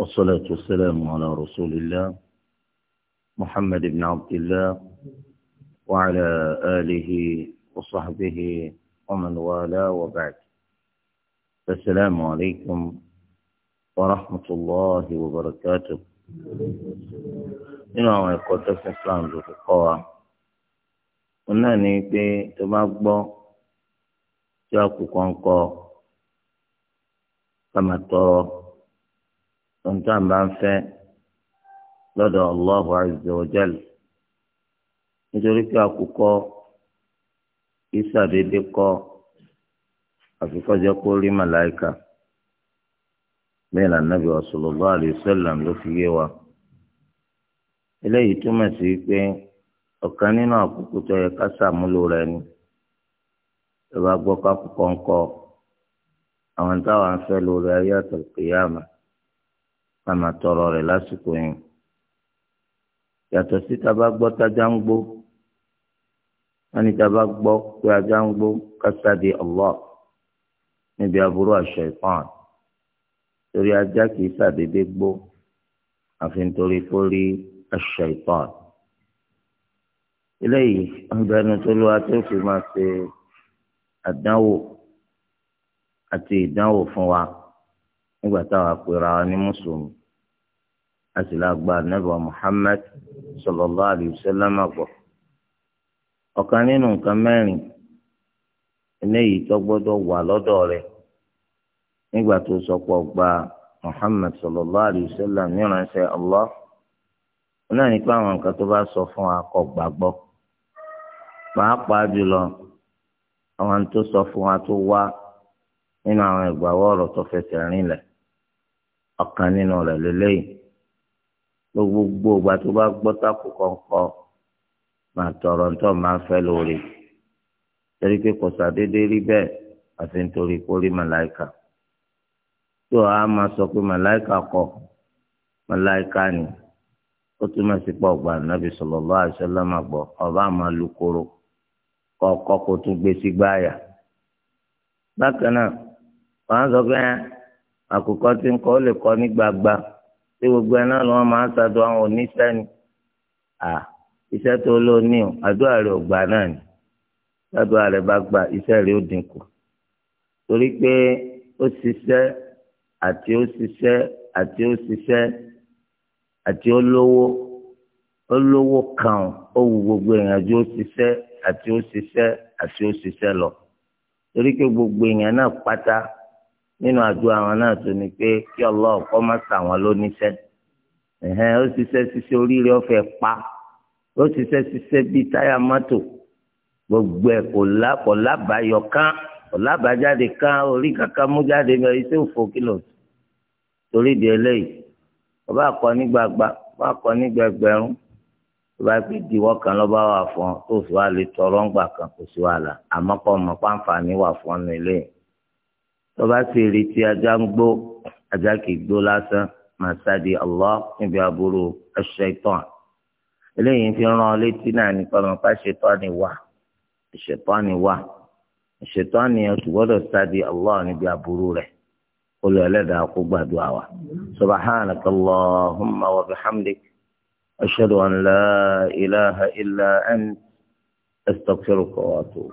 والصلاة والسلام على رسول الله محمد بن عبد الله وعلى آله وصحبه ومن والاه وبعد السلام عليكم ورحمة الله وبركاته nínú يقول ẹ̀kọ́ السلام Islam ló fi kọ́ تباقب òun náà ni pé ohun tá à ń bá ń fẹ́ lọ́dọ̀ Allahu azza wa jal nítorí pé àkùkọ ìsàdédé kọ àfikọ́jẹ́ kó rí màláìka bẹ́ẹ̀ wa ló fi yé wa eléyìí túmọ̀ sí pé ọ̀kan nínú àkókò tó yẹ ká ṣàmúlò rẹ̀ ni ìwà gbọ́ kákùkọ ńkọ àwọn táwọn afẹ́ Sama máa tọrọ rẹ̀ lásìkò yẹn yàtọ̀ sí tá a bá gbọ́ tájá ń gbó wọ́n ní tá pé ajá ń gbó kásádì Allah níbi aburú àṣọ ìpọ́n torí ajá kìí sàdédé gbó àfi nítorí kó rí àṣọ ìpọ́n eléyìí ọ̀gbẹ́ni tolúwa tó fi máa ṣe àdánwò àti ìdánwò fún wa nígbà táwa pera wa ní mùsùlùmí. àti lágbà nàbà Muhammad sallallahu alayhi wa sallam àgbọ̀. ọ̀kan nínú nǹkan mẹ́rin eléyìí tó gbọ́dọ̀ wà lọ́dọ̀ rẹ̀ nígbà tó sọ pé ọgbà Muhammad sallallahu alayhi wa sallam náà ní pé àwọn nǹkan tó bá sọ fún wa kò pàápàá jùlọ àwọn tó gbogbo ìgbà tó bá gbọ́ tako kọ̀ọ̀kọ́ máa tọrọ ntọ́ máa ń fẹ́ lóore torí pé kò sàdédé rí bẹ́ẹ̀ àfi nítorí kó rí màláìka tó a máa sọ pé màláìka kọ màláìka ni ó túmọ̀ sí pọ̀ gbà nàbì sallallahu alaihi wasallam gbọ́ ọba máa lu koro kọ́kọ́ kó tún gbé sí gbáàyà bákan náà wọ́n á sọ pé àkùkọ tí ń kọ́ ó lè kọ́ ní gbagba tí gbogbo ẹ náà ni wọ́n máa ń ṣàdùn àwọn oníṣẹ́ ni à iṣẹ́ tó lò ní o àdúrà rẹ̀ ò gbà náà ni àdúrà rẹ̀ bá gba iṣẹ́ rẹ̀ ó dínkù torí pé ó ṣiṣẹ́ àti ó ṣiṣẹ́ àti ó ṣiṣẹ́ àti ó lówó ó lówó kan ó wu gbogbo èèyàn ó ṣiṣẹ́ àti ó ṣiṣẹ́ àti ó ṣiṣẹ́ lọ torí pé gbogbo èèyàn náà pátá nínú àdúrà àwọn náà tó ni pé kí Allah kó má ṣà wọ́n lóníṣẹ́ ẹ̀hẹ́n ó ṣiṣẹ́ ṣiṣẹ́ oríire ọ̀fẹ́ pa ó ṣiṣẹ́ ṣiṣẹ́ bíi táyà mọ́tò gbogbo ẹ̀ kò lá kò lábàáyọ kán kò lábàájáde kán orí kankan mú jáde bẹ́ẹ̀ iṣẹ́ òfò kìlọ̀ torí di eléyìí ọba akọ ní gbagba ọba akọ ní gbẹgbẹrún ọba pé diwọ kan lọba wà fún ọ tó fi wá lè tọrọ ńgbà kan kò sí wàhálà àmọ́ tọba sì retí ajá ń gbó ajá kì í gbó lásán máa sáde Allah níbi aburú aṣ-ṣaitan eléyìí fi rán ọ létí náà nípa màpá ṣetán ni wà ṣetán ni wà ṣetán ni o sì gbọ́dọ̀ sáde Allah níbi aburú rẹ̀ olú ẹlẹ́dàá kó gbàdúrà wa subhanaka Allahumma wa bihamdik ashhadu an la ilaha illa ant astaghfiruka wa atubu.